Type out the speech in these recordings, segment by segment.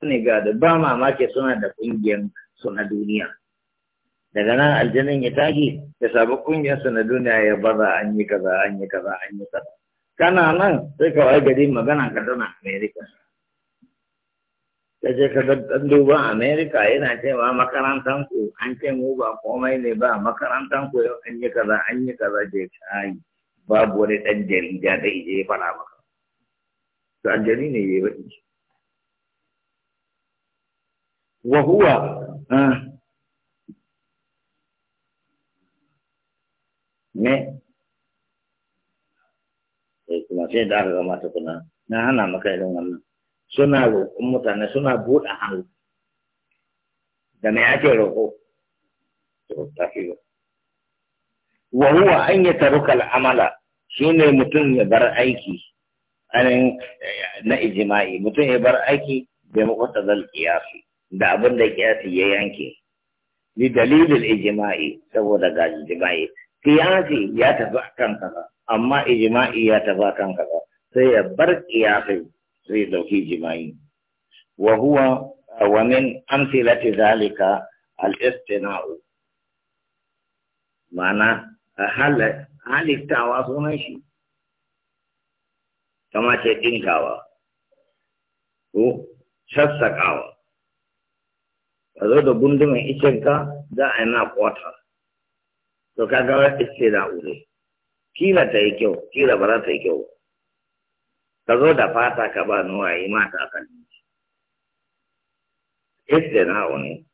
ga da ba mamaki suna da ƙungiyar su na duniya. Daga nan aljanin ya tashi ya sabu kungiyar su na duniya ya baza an yi kaza an yi kaza an yi kaza. Kana nan sai ka wai gari magana ka tana Amerika. Ka je ka ɗan duba Amerika yana cewa makarantar ku an ce mu ba komai ne ba makarantar ku yau an yi kaza an yi kaza je ka babu wani ɗan jarida da ije ya maka. To aljani ne ya yi وهو huwa me eh, sai eh, kuma sai da aka gama kuna na hana maka irin wannan suna roƙon mutane suna buɗe hannu da me ake roƙo to ba wa huwa an ya taruka al'amala ne mutum ya bar aiki eh, na ijima'i mutum ya bar aiki bai makwata zal qiyasi da abin da kiyasi ya yanke li dalilin ijima'i saboda ga ijima'i kiyasi ya tafi akan kaza amma ijima'i ya tafi akan kaza sai ya bar kiyasi sai dauki ijima'i wa huwa wa min amsilati zalika al-istina'u ma'ana halittawa sunan shi kama ce ɗinkawa ko sassaƙawa ka zo da gundumin ishinka za a yi na kwata to ka gawa iske da ure kila ta yi kyau kila ba za ta yi kyau ka zo da fata ka ba nuwa yi mata kan iske na wani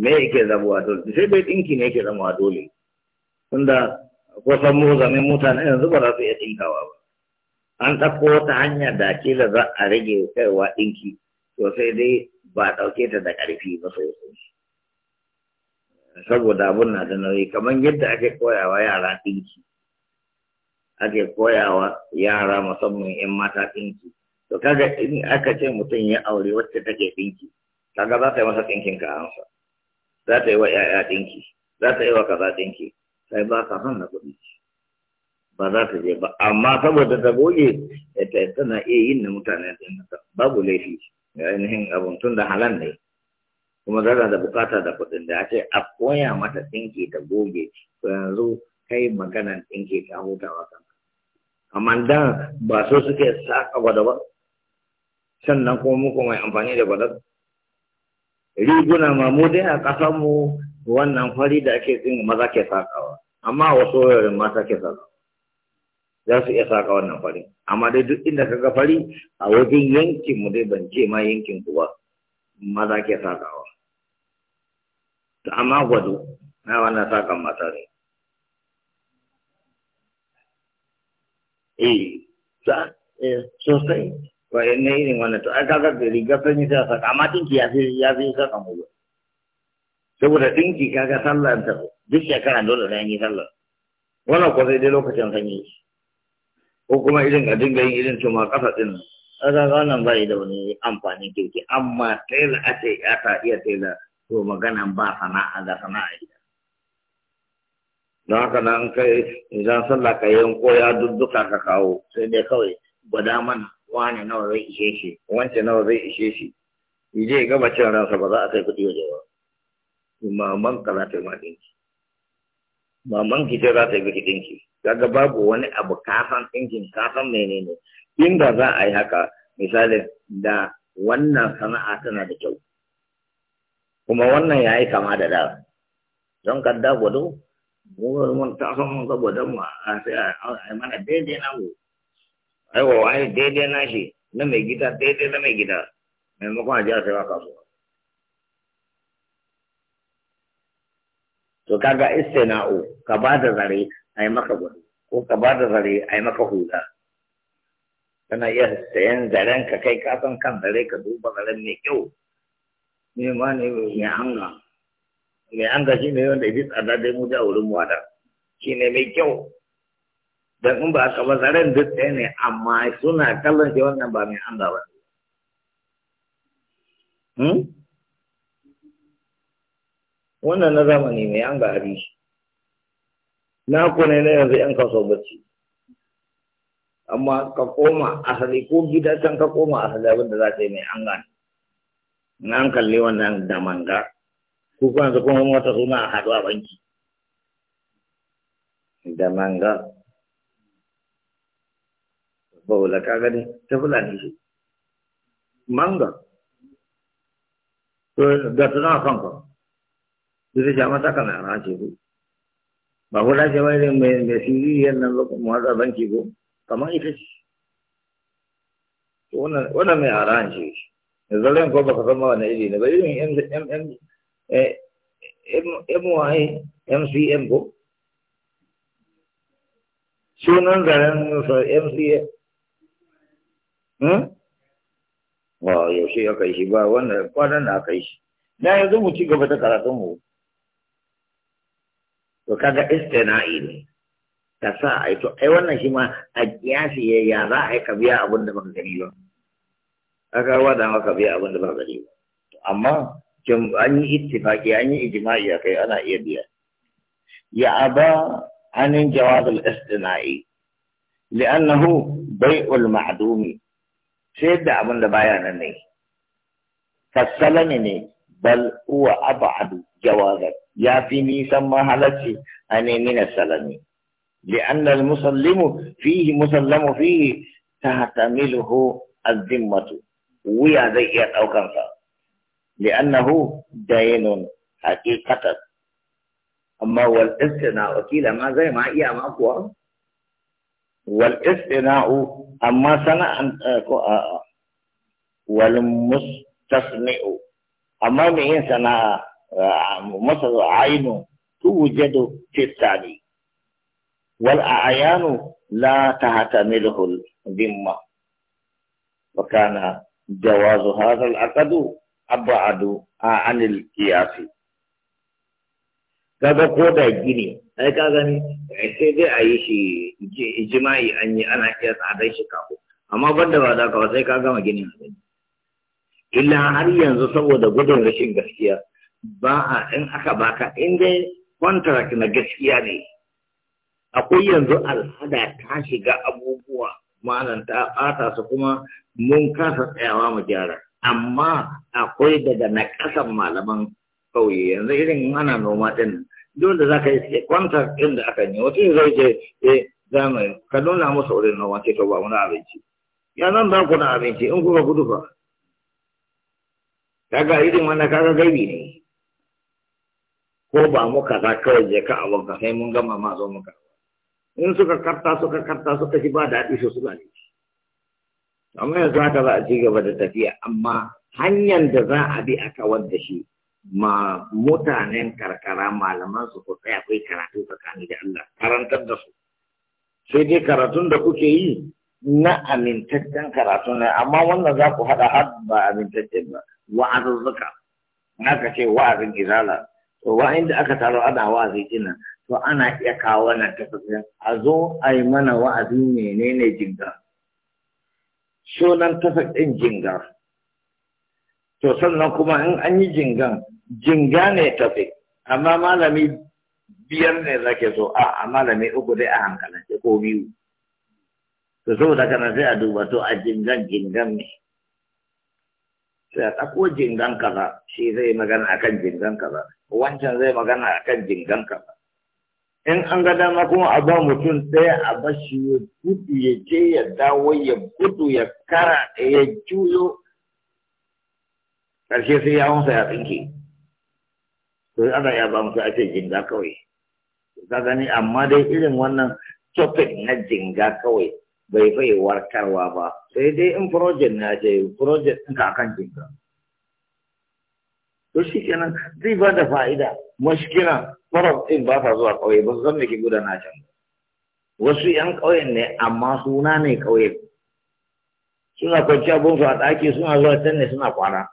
me yake zabuwa dole sai bai dinki ne yake zama dole tunda kusan mu zame mutane yanzu ba za su iya dinkawa ba an ɗauko wata hanya da kila za a rage kaiwa ɗinki to sai dai ba a ɗauke ta da ƙarfi ba sosai saboda abun na da nauyi kamar yadda ake koyawa yara ɗinki ake koyawa yara musamman 'yan mata ɗinki to kaga in aka ce mutum ya aure wacce take ɗinki kaga za ta yi masa ɗinkin kayansa za ta yi wa 'ya'ya ɗinki za ta yi wa kaza ɗinki sai ba ka son na kuɗi ba za ta je ba amma saboda ta goge tana iya yin na mutane ɗin babu laifi da ainihin abun tun da halan ne kuma zara da bukata da kuɗin da ake a koya mata ɗinki ta goge to yanzu kai maganan ɗinki ta huta kan amma da ba so suke saka gwada ba sannan kuma muku mai amfani da gwada riguna ma mu dai a ƙasar mu wannan fari da ake tsin maza ke sakawa amma wasu oh, mata ke sakawa za su iya saka wannan fari amma dai duk inda kaga fari a wajen yankin mu dai ban ce ma yankin ku ba maza ke sakawa to amma gwado na wannan sakan mata ne eh za eh sosai ba ne irin wannan to aka ga riga sanyi sai saka amma dinki ya fi ya fi saka mu saboda dinki kaga sallar ta duk shekara dole ne an yi sallar wannan ko sai dai lokacin sanyi ko kuma irin a dinga yin irin cuma ƙasa ɗin kaga wannan ba da wani amfanin kirki amma tela a ce ya ta iya tela to magana ba sana'a ga sana'a ita don haka nan kai idan sallah ka yanko ya dudduka ka kawo sai dai kawai gwada mana wane nawa zai ishe shi wance nawa zai ishe shi ije ga ransa ba za a kai kuɗi waje ba maman ka za ta yi ma maman ki ce za ta yi miki ɗinki kaga babu wani abu kafan injin kafan menene inda za a yi haka misali da wannan sana'a tana da kyau kuma wannan ya yi kama da da don kadda gwado mun ta san mun ga gwadon mu a sai mana daidai na mu aiwa wani daidai na shi na mai gida daidai na mai gida maimakon a ji a sai waka kasuwa to kaga istina'u ka ba da zare ai maka gudu ko ka ba da zare ai maka huda kana iya sayan zaren ka kai ka san kan zare ka duba zaren mai kyau ne ma ne mai hanga mai hanga shi ne wanda ibi tsada dai mu da wurin mu shi ne mai kyau dan in ba ka ba zaren duk ɗaya ne amma suna kallon shi wannan ba mai hanga ba hmm? wannan na zamani mai hanga abin shi na ku ne na yanzu yan kaso bacci amma ka koma asali ko gida can ka koma asali abin da za ka yi mai an gani na an kalli wannan da manga ko kuma yanzu kuma wata suna a haɗu a banki da manga baula ka gani ta fulani shi manga to da tana kanka zai a mata a race ku ba ba ce mai siri yan nan lokacin watsa banki ko kamar ita ce wannan mai haran ce da zalen ko baka san wani iri ne ba irin MY eh, MCM ko sunan zaren MCM wa hmm? yaushe aka yi shi ba wannan kwanan na aka yi shi na yanzu mu ci gaba da karatunmu to kaga istina'i ne ka sa yi to ai wannan shi ma a kiyasi ya yi yara a yi ka biya abin da baka gani ba aka da maka biya abin da baka gani ba amma an yi ittifaki an yi ijma'i kai, ana iya biya ya aba anin jawabin al-istina'i li'annahu bai'ul ma'dumi sai da abin da baya nan ne fasalami ne بل هو أبعد جوازا يا فيني نيسان ما هلتي أنا من السلم لأن المسلم فيه مسلم فيه تحتمله الذمة ويا ذيئت أو كنفا لأنه دين حقيقة أما والاستناء وكيلا ما زي ما إيا ما أقوى والاستناء أما سنة أه، أه، أه. والمستثنئ amma mai yin sana'a masa ainu wujadu tisani wal ayanu la tahtamiluhu dimma wa kana jawazu hadha al aqdu abadu al qiyas kaga ko da gini ai ka gani sai dai a yi shi ijima'i an yi ana iya tsadar shi kafu amma banda ba da ka sai ka gama gini. illa har yanzu saboda gudun rashin gaskiya ba a in aka baka in dai contract na gaskiya ne akwai yanzu al'ada ta shiga abubuwa malam ta ɓata su kuma mun kasa tsayawa mu gyara amma akwai daga na ƙasan malaman kauye yanzu irin ana noma din. dole za ka yi sai kwantar ɗin da aka yi mutum zai ce eh za mu ka nuna musu wurin noma ce to ba abinci ya nan ba ku na abinci in kuka gudu ba kaga irin wannan kaga gaibi ne ko ba mu kaza kawai je ka abun ka sai mun gama ma zo muka in suka karta suka karta suka ji ba daɗi su suka ne amma yanzu haka za a ci gaba da tafiya amma hanyar da za a bi aka wadda shi ma mutanen karkara malaman su ko tsaya akwai karatu tsakani da Allah karantar da su sai dai karatun da kuke yi na amintaccen karatu ne amma wannan za ku haɗa har ba amintaccen ba na aka ce wa'azin izala to wa da aka taro ana wa'azi ina to ana iya kawo wannan tafsirin a zo a yi mana wa'azi menene jinga sunan tafsirin jinga to sannan kuma in an yi jingan jinga ne tafi amma malami biyar ne zake so a malami uku dai a hankalance ko biyu to saboda kana sai a duba to a jingan jingan ne sai a ɗauko jingan kaza shi zai magana a kan jingan kaza wancan zai magana a kan jingan kaza in an ga dama kuma a ba mutum ɗaya a bashi ya gudu ya je ya dawo ya gudu ya kara ya juyo ƙarshe sai ya wansa ya tsinke to ana ya ba mutum ake jinga kawai ka gani amma dai irin wannan topic na jinga kawai bai fai warkarwa ba sai dai in project na ce project ɗin ka kan jinka to shi kenan zai ba da fa'ida mashkila farar ɗin ba sa zuwa ƙauye ba su san me ke gudana can wasu 'yan ƙauyen ne amma suna ne ƙauye suna kwanciya bunsu a ɗaki suna zuwa can ne suna kwana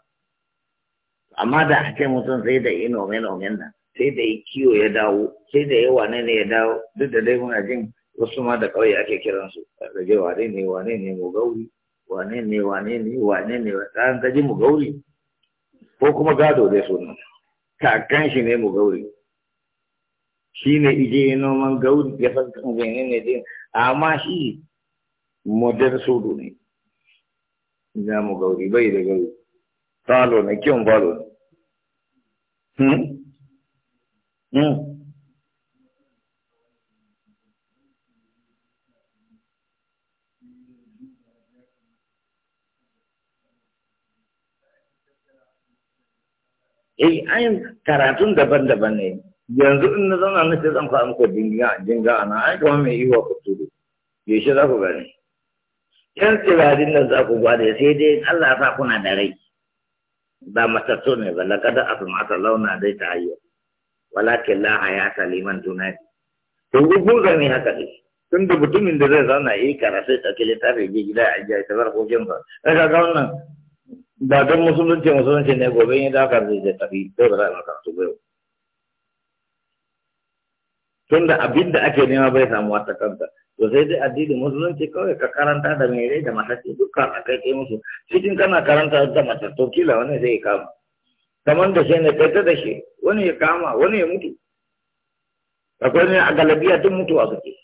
amma da a ce mutum sai da yi nome nomen nan sai da yi kiwo ya dawo sai da yi wane ne ya dawo duk da dai muna jin wasu ma da ƙauye ake kiransu rage wane ne wane ne mu gauri wane ne wane ne wane ne ɗan gaji mu gauri ko kuma gado dai suna? kakan shi ne mu gauri shi ne ije noman gauri ya san kan gane ne din amma shi modern sudu ne za mu gauri bai da gauri talo ne kyan balo ne hmm? Hmm? eh ayin karatun daban-daban ne yanzu in na zauna na ce zan kwa muku jinga jinga ana ai kuma mai yiwa ku tudu yaushe za ku gani yan tsirarin nan za ku gwada sai dai Allah ya sa kuna da rai ba matattu ne ba lakada a ta launa dai ta hayyar walakin la hayata liman tunadi to gugu ga ne haka ne tun da mutumin da zai zauna yi karatu ta kile ta rage gida a jiya ta barko jin ba daga ga wannan da don musulunci musulunci ne gobe yin da aka zai tafi sai ba za a makarantu ba yau tun da abin da ake nema bai samu wata kanta to sai dai addinin musulunci kawai ka karanta da mai rai da matacce dukkan a kai kai musu cikin kana karanta da mata to kila wani zai kama kamar da shi ne kai ta da shi wani ya kama wani ya mutu akwai ne a galabiya duk mutuwa suke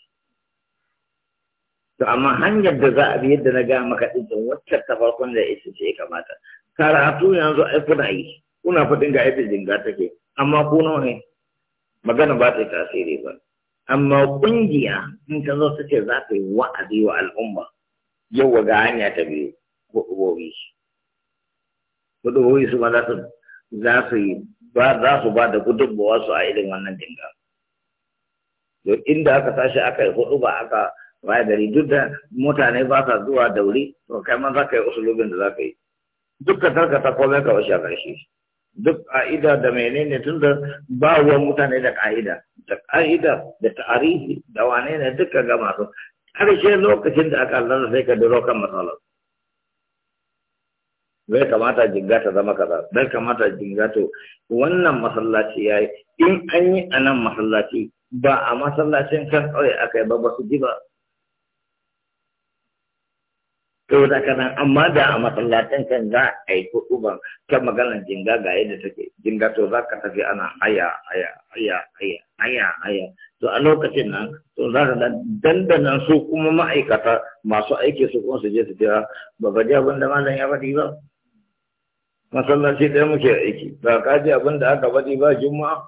to amma hanyar da za a bi yadda na ga maka din wancan ta farkon da ita ce kamata karatu yanzu ai kuna yi kuna faɗin ga yadda jinga take amma ku nawa ne magana ba ta tasiri ba amma kungiya in ta zo ta ce za ta yi wa'azi wa al'umma yau ga hanya ta biyu hudubobi hudubobi su ma za su za su yi ba za su ba da gudunmawa su a irin wannan dinga to inda aka tashi aka yi hudu ba aka waye gari duk da mutane ba sa zuwa da wuri to kai ma za ka yi usulubin da za ka yi duk ka tarkata komai ka wasu karshe duk ƙa'ida da menene tun da ba wa mutane da ka'ida da ka'ida da tarihi da wane ne ka ga masu ƙarshe lokacin da aka lalata sai ka duro kan matsalar bai kamata jinga ta zama kaza bai kamata jinga to wannan masallaci yayi in an yi anan masallaci ba a masallacin kan ƙauye aka yi ba ba su ji ba saboda kana amma da a masallacin kan za a yi kuɗu ban kan maganar jinga ga yadda take jinga to za ka tafi ana aya aya aya aya aya to a lokacin nan to za ka dandana su kuma ma'aikata masu aiki su kuma su je su jira ba ba jiya abin malam ya faɗi ba masallaci ɗaya muke aiki ba ka ji abin da aka faɗi ba juma'a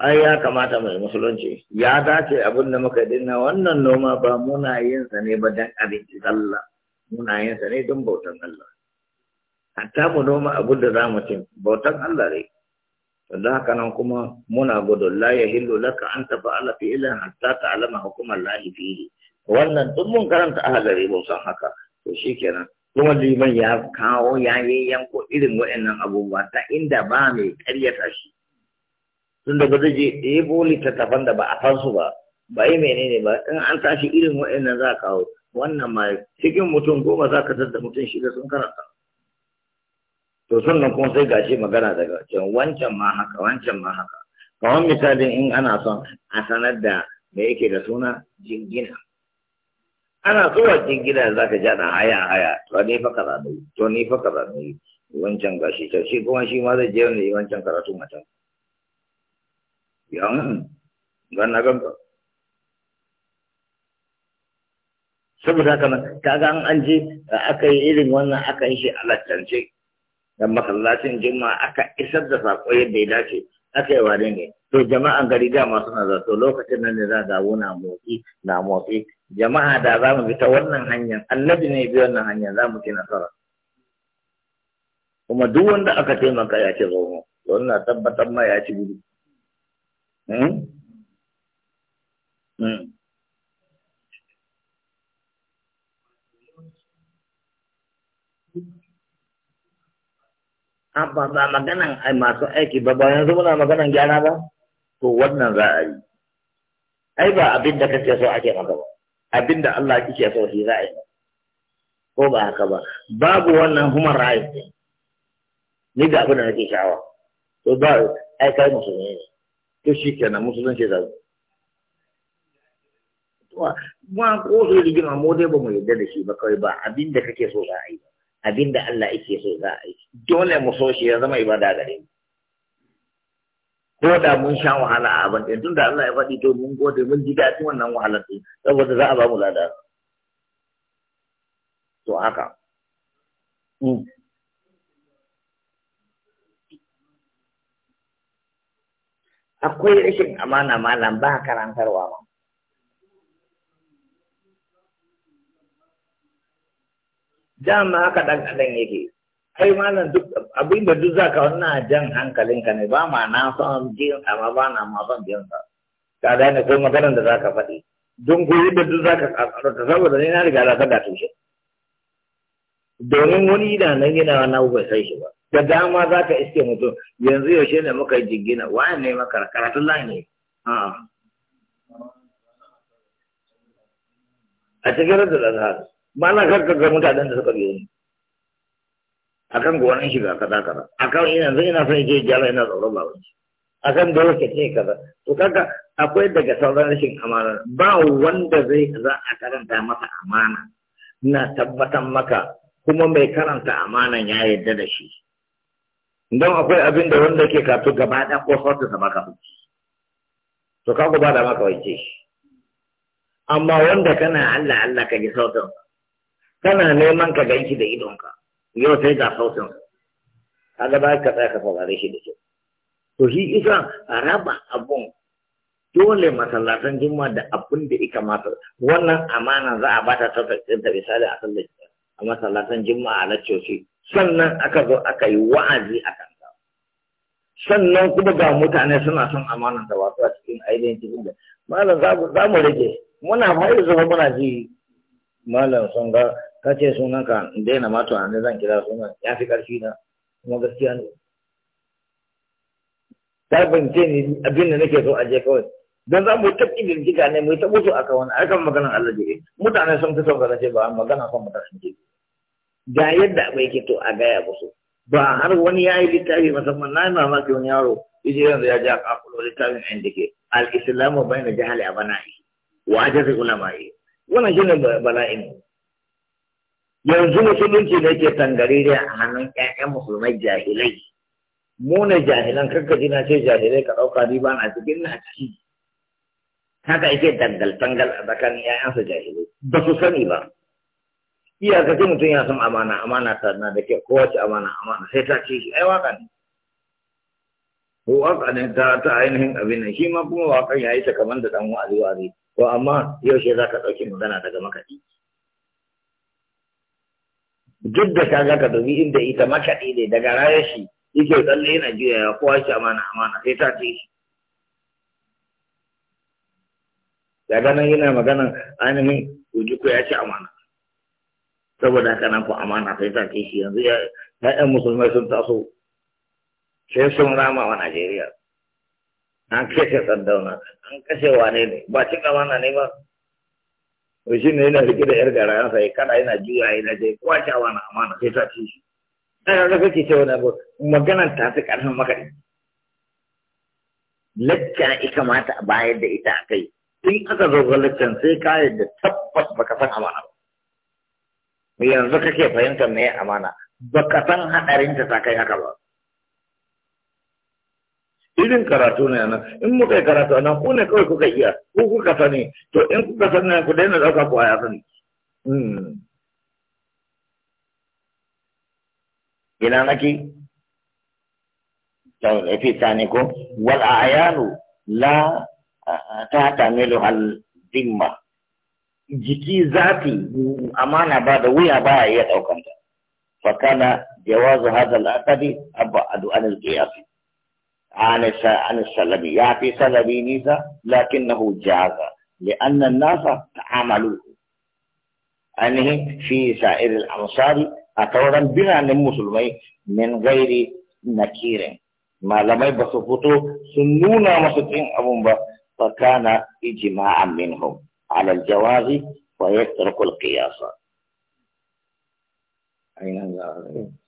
ai ya kamata mai musulunci ya dace abin da muka dinna wannan noma ba muna yin sa ne ba dan abinci sallah muna yin ne don bautan Allah hatta mu noma abun da za mu ci bautan Allah ne don haka nan kuma muna gudu la ya laka an tafi ala fi ilan hatta ta alama hukumar lahi fihi wannan duk mun karanta ahalari mun san haka to kenan? kuma liman ya kawo ya yi yanko irin waɗannan abubuwa ta inda ba mai karyata shi tun da ba zai je ɗebo littattafan da ba a fansu ba ba yi menene ba in an tashi irin waɗannan za a kawo wannan ma cikin mutum goma za ka da mutum shiga sun karanta to sannan kuma sai gashi magana daga can wancan ma haka wancan ma haka kamar misalin in ana son a sanar da me yake da suna jingina ana zuwa jingina za ka ja haya haya to ne fa kaza ne to ne fa kaza ne wancan gashi to shi kuma shi ma zai je wani wancan karatu mata yan ganna ganka saboda haka nan ka ga an je aka yi irin wannan aka yi shi a lattance da masallacin juma'a aka isar da sako yadda ya dace aka yi wane ne to jama'an gari dama suna zato lokacin nan ne za ga na motsi na motsi jama'a da za mu bi ta wannan hanyar annabi ne bi wannan hanyar za mu ci nasara kuma duk wanda aka taimaka ya ce zo to ina tabbatar ma ya ci gudu Mm. Mm. ba ba maganan masu aiki ba ba yanzu muna maganan gyara ba to wannan za a yi ai ba abin da kake so ake maka ba abin da Allah kike so shi za a yi ko ba haka ba babu wannan human rights ne ni ga abin da nake shawa to ba ai kai musulmi ne to shi kenan musulunci da to ma ko rigima ma mode ba mu yadda da shi ba kawai ba abin da kake so za a yi ba Abin da Allah yake so za a yi dole mu so shi ya zama ibada gare mu ko da mun sha wahala a abin ɗin tun Allah ya faɗi to mun gode mun ji daɗin wannan wahalar din saboda za a ba mu lada to haka mm. akwai rashin amana malam ba karantarwa ma dama haka dan kadan yake kai malam duk abin da duk zaka na jan hankalinka ne ba ma na son jin amma ba na ma son jin sa ka da ne kai maganar da zaka faɗi don goyi da duk zaka tsara saboda ne na riga ka da shi domin wani da nan yana wani abu bai sai shi ba da dama za ka iske mutum yanzu yaushe ne muka yi jingina Waye ne maka karatun lai ne a cikin da zaka ba na gaggaga mutanen da suka biyo ni akan gonan shiga kada-kada. kaza akan ina zai ina son je gyara ina tsoron baban shi akan dole ka ce kaza to kaga akwai daga sauran rashin amana ba wanda zai za a karanta masa amana na tabbatar maka kuma mai karanta amanan ya yarda da shi don akwai abin da wanda ke kato gaba ɗaya ko sautin sa maka fuki to ka ba da maka wance shi amma wanda kana Allah Allah ka ji sautin sa kana neman ka ganki da idonka yau sai ga sautin kaga ba ka tsaya ka saurare shi da kyau to shi isa a raba abun dole masallatan jimma da abun da ika mata wannan amana za a bata ta tsakin da misali a sallar a masallatan jimma a shi? sannan aka zo aka yi wa'azi a kan sannan kuma ga mutane suna son amana da wasu a cikin ainihin cikin da malam za mu rage muna fara zuwa muna ji malam sun ga ka ce sunanka daina mato zan kira sunan ya fi ƙarfi na kuma gaskiya ne ta bance ni abin da nake so a je kawai don za mu ta ƙididdiga ne mu tabo su a kawai akan maganar Allah jiri mutane sun fi son ce ba magana mutar sun ce ga yadda abai ke to a gaya musu ba har wani ya yi littafi musamman na yi mamaki wani yaro yaje yanzu ya ja kula littafin ɗin da ke al-islamu bai na jihali a bana'i wa ajiyar ulama'i wannan shi ne bala'in yanzu musulunci da ke da a hannun ƴaƴan musulmai jahilai mu ne jahilan kanka jina ce jahilai ka ɗauka ni ba na cikin na ciki haka yake dangal tangal a tsakanin ƴaƴansa jahilai ba su sani ba iyakaci mutum ya san amana amana ta na da ke kowace amana amana sai ta ce shi ai waka ne ko waka ne ta ta ainihin abin nan shi ma kuma wakan ya yi ta kamar da ɗan wa'azi wa'azi ko amma yaushe za ka ɗauki magana daga makaɗi duk da kaga ka dubi inda ita makaɗi ne daga rayar shi yake tsalle yana juya ya kowa shi amana amana sai ta ce shi Ya ganin yana magana ainihin ko ya ce amana saboda haka nan ku amana sai ta ce shi yanzu ya ɗan musulmai sun taso sai sun rama wa Najeriya an kashe tsaddauna an kashe wane ne ba cika amana ne ba to shi ne yana rike da yar garayen ya kada yana juya yana je kwacewa na amana sai ta ci shi da kake cewa na maganan ta fi ƙarfin makaɗi lacca ya mata a bayar da ita a kai in aka zo ga laccan sai ka yadda tabbas baka san amana ba yanzu kake fahimtar me amana baka san haɗarin ta ta kai haka ba irin karatu ne nan in muka yi karatu nan ku ne kawai kuka iya ko kuka sani to in kuka sani ku daina ɗauka ku a ya sani hmm. ina naki? ta fi ne ko wal ayanu la ta melo al dimma jiki zafi amana ba da wuya ba ya iya ɗaukanta fakana jawazu hadal akadi abba adu anil qiyasi عن عن السلبي يعطي سلبي نيسا لكنه جاز لأن الناس عملوه أنه في سائر الأمصار أتورا بنا المسلمين من غير نكير ما لم يبسطوا سنونا مسلمين أبنبا فكان إجماعا منهم على الجواز ويترك القياس أين الله